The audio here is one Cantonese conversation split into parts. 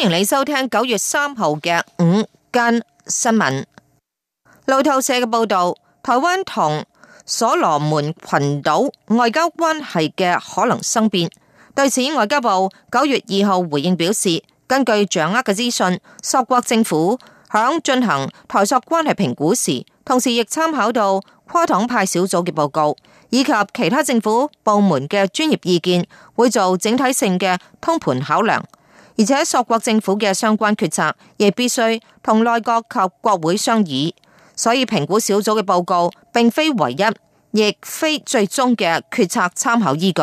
歡迎你收聽九月三號嘅午間新聞。路透社嘅報道，台灣同索羅門群島外交關係嘅可能生變。對此，外交部九月二號回應表示，根據掌握嘅資訊，索國政府喺進行台索關係評估時，同時亦參考到跨黨派小組嘅報告以及其他政府部門嘅專業意見，會做整體性嘅通盤考量。而且索國政府嘅相關決策亦必須同內閣及國會商議，所以評估小組嘅報告並非唯一，亦非最終嘅決策參考依據。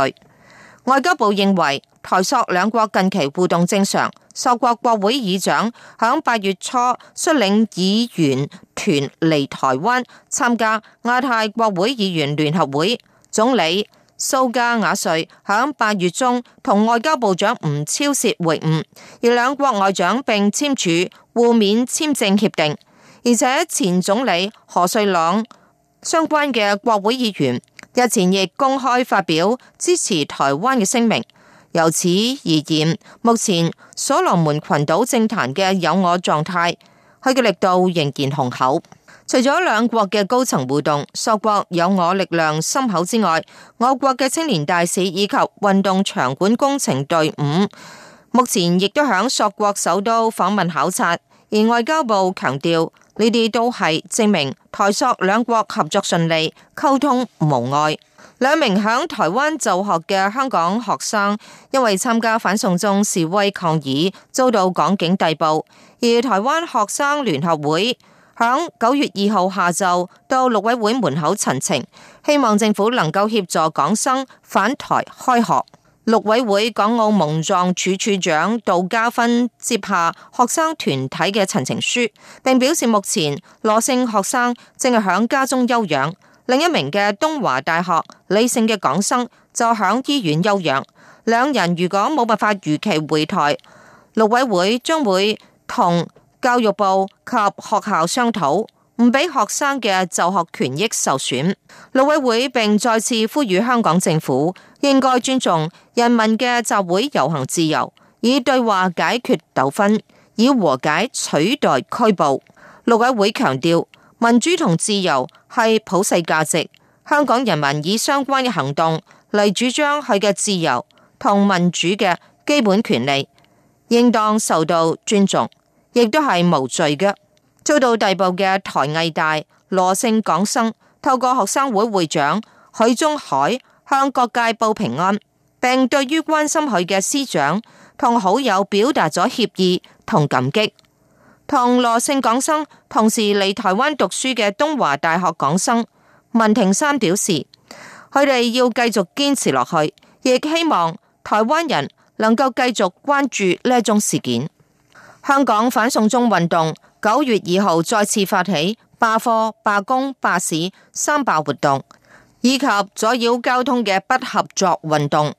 外交部認為，台索兩國近期互動正常，索國國會議長喺八月初率領議員團嚟台灣參加亞太國會議員聯合會，總理。蘇加瓦瑞響八月中同外交部長吳釗燮會晤，而兩國外長並簽署互免簽證協定。而且前總理何瑞朗相關嘅國會議員日前亦公開發表支持台灣嘅聲明。由此而言，目前所羅門群島政壇嘅友我狀態佢嘅力度仍然雄厚。除咗兩國嘅高層互動，索國有我力量深厚之外，我國嘅青年大使以及運動場館工程隊伍，目前亦都響索國首都訪問考察。而外交部強調，呢啲都係證明台索兩國合作順利，溝通無礙。兩名響台灣就學嘅香港學生，因為參加反送中示威抗議，遭到港警逮捕，而台灣學生聯合會，響九月二號下晝到陸委會門口陳情，希望政府能夠協助港生返台開學。陸委會港澳蒙藏處處長杜嘉芬接下學生團體嘅陳情書，並表示目前羅姓學生正係響家中休養，另一名嘅東華大學李姓嘅港生就響醫院休養。兩人如果冇辦法如期回台，陸委會將會同。教育部及學校商討，唔俾學生嘅就學權益受損。陸委會並再次呼籲香港政府應該尊重人民嘅集會遊行自由，以對話解決糾紛，以和解取代拘捕。陸委會強調，民主同自由係普世價值，香港人民以相關嘅行動嚟主張佢嘅自由同民主嘅基本權利，應當受到尊重。亦都係無罪嘅。遭到逮捕嘅台藝大羅姓港生透過學生會會長許中海向各界報平安，並對於關心佢嘅師長同好友表達咗歉意同感激。同羅姓港生同時嚟台灣讀書嘅東華大學港生文庭山表示，佢哋要繼續堅持落去，亦希望台灣人能夠繼續關注呢一宗事件。香港反送中運動九月二號再次發起罷課、罷工、罷市三罷活動，以及阻擾交通嘅不合作運動。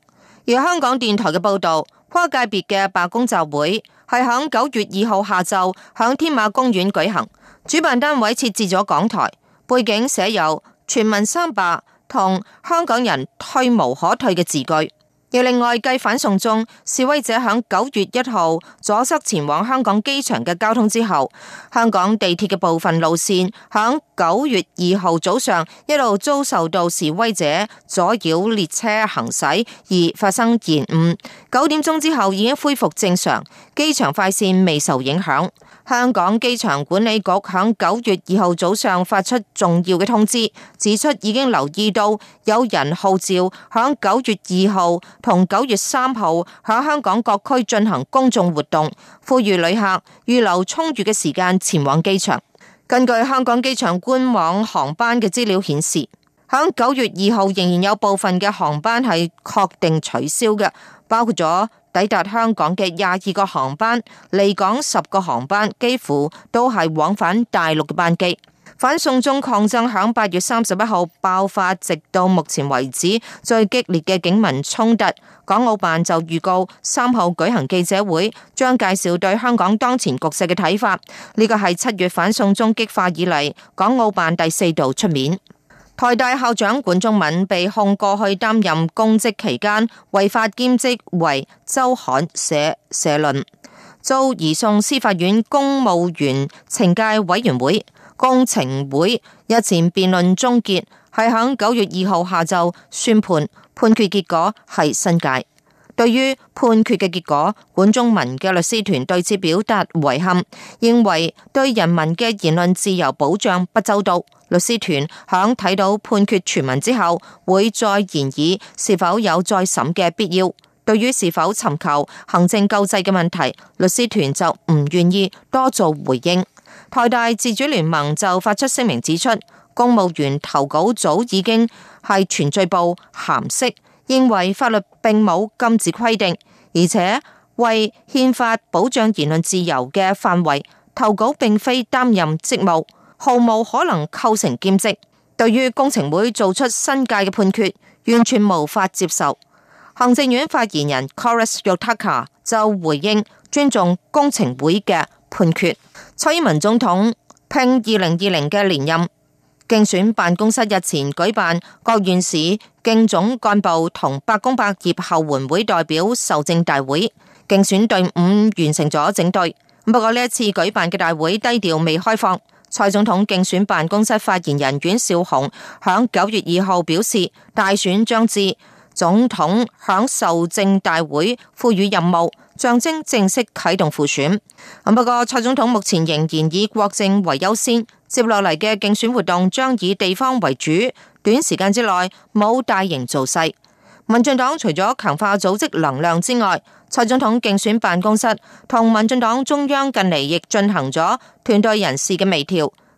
而香港電台嘅報道，跨界別嘅罷工集會係喺九月二號下晝響添馬公園舉行，主辦單位設置咗港台，背景寫有全民三罷同香港人退無可退嘅字句。而另外，繼反送中示威者響九月一號阻塞前往香港機場嘅交通之後，香港地鐵嘅部分路線響九月二號早上一路遭受到示威者阻擾列車行駛而發生延誤，九點鐘之後已經恢復正常，機場快線未受影響。香港機場管理局響九月二號早上發出重要嘅通知，指出已經留意到有人號召響九月二號同九月三號喺香港各區進行公眾活動，呼籲旅客預留充裕嘅時間前往機場。根據香港機場官網航班嘅資料顯示，響九月二號仍然有部分嘅航班係確定取消嘅，包括咗，抵達香港嘅廿二個航班，離港十個航班，幾乎都係往返大陸嘅班機。反送中抗爭響八月三十一號爆發，直到目前為止最激烈嘅警民衝突。港澳辦就預告三號舉行記者會，將介紹對香港當前局勢嘅睇法。呢個係七月反送中激化以嚟，港澳辦第四度出面。台大校長管中閔被控過去擔任公職期間違法兼職為周刊寫社論，遭移送司法院公務員懲戒委員會，公懲會日前辯論終結，係喺九月二號下晝宣判，判決結果係申誡。對於判決嘅結果，管中閔嘅律師團對此表達遺憾，認為對人民嘅言論自由保障不周到。律師團響睇到判決全文之後，會再研議，是否有再審嘅必要。對於是否尋求行政救濟嘅問題，律師團就唔願意多做回應。台大自主聯盟就發出聲明指出，公務員投稿早已經係全聚報咸濕。認為法律並冇禁止規定，而且為憲法保障言論自由嘅範圍。投稿並非擔任職務，毫無可能構成兼職。對於公懲會做出申誡嘅判決，完全無法接受。行政院發言人 Kolas Yotaka 就回應：尊重公懲會嘅判決。蔡英文總統拼二零二零嘅連任。競選辦公室日前舉辦各縣市競總幹部同百工百業後援會代表受政大會，競選隊伍完成咗整隊。不過呢一次舉辦嘅大會低調未開放。蔡總統競選辦公室發言人阮少雄響九月二號表示，大選將至，總統響受政大會賦予任務。象徵正式啟動副選，不過蔡總統目前仍然以國政為優先，接落嚟嘅競選活動將以地方為主，短時間之內冇大型造勢。民進黨除咗強化組織能量之外，蔡總統競選辦公室同民進黨中央近嚟亦進行咗團隊人士嘅微調。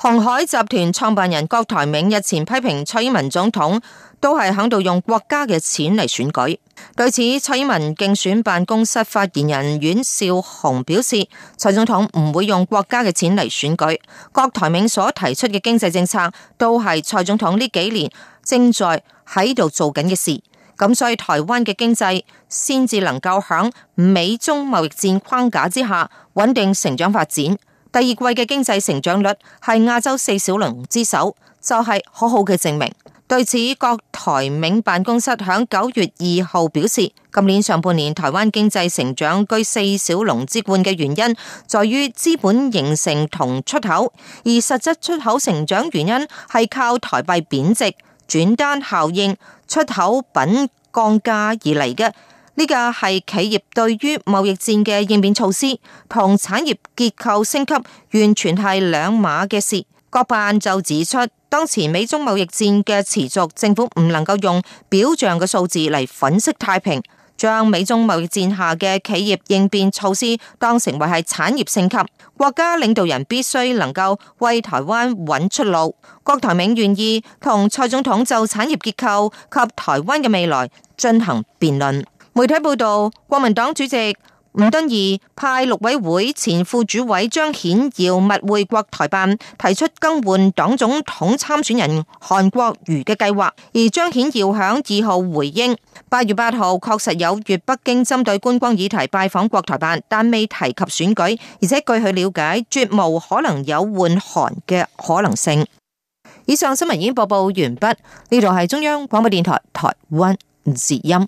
鴻海集團創辦人郭台銘日前批評蔡英文總統都係喺度用國家嘅錢嚟選舉。對此，蔡英文競選辦公室發言人阮昭雄表示，蔡總統唔會用國家嘅錢嚟選舉。郭台銘所提出嘅經濟政策，都係蔡總統呢幾年正在喺度做緊嘅事。咁所以台灣嘅經濟先至能夠響美中貿易戰框架之下穩定成長發展。第二季嘅經濟成長率係亞洲四小龍之首，就係、是、好好嘅證明。對此，郭台銘辦公室響九月二號表示，今年上半年台灣經濟成長居四小龍之冠嘅原因，在於資本形成同出口，而實質出口成長原因係靠台幣貶值、轉單效應、出口品降價而嚟嘅。呢個係企業對於貿易戰嘅應變措施，同產業結構升級完全係兩碼嘅事。郭辦就指出，當前美中貿易戰嘅持續，政府唔能夠用表象嘅數字嚟粉飾太平，將美中貿易戰下嘅企業應變措施當成為係產業升級，國家領導人必須能夠為台灣揾出路。郭台銘願意同蔡總統就產業結構及台灣嘅未來進行辯論。媒體報道，國民黨主席吳敦義派陸委會前副主委張顯耀密會國台辦，提出更換黨總統參選人韓國瑜嘅計劃。而張顯耀響二號回應：八月八號確實有越北京針對觀光議題拜訪國台辦，但未提及選舉，而且據佢了解，絕無可能有換韓嘅可能性。以上新聞已經播報完畢，呢度係中央廣播電台台灣之音。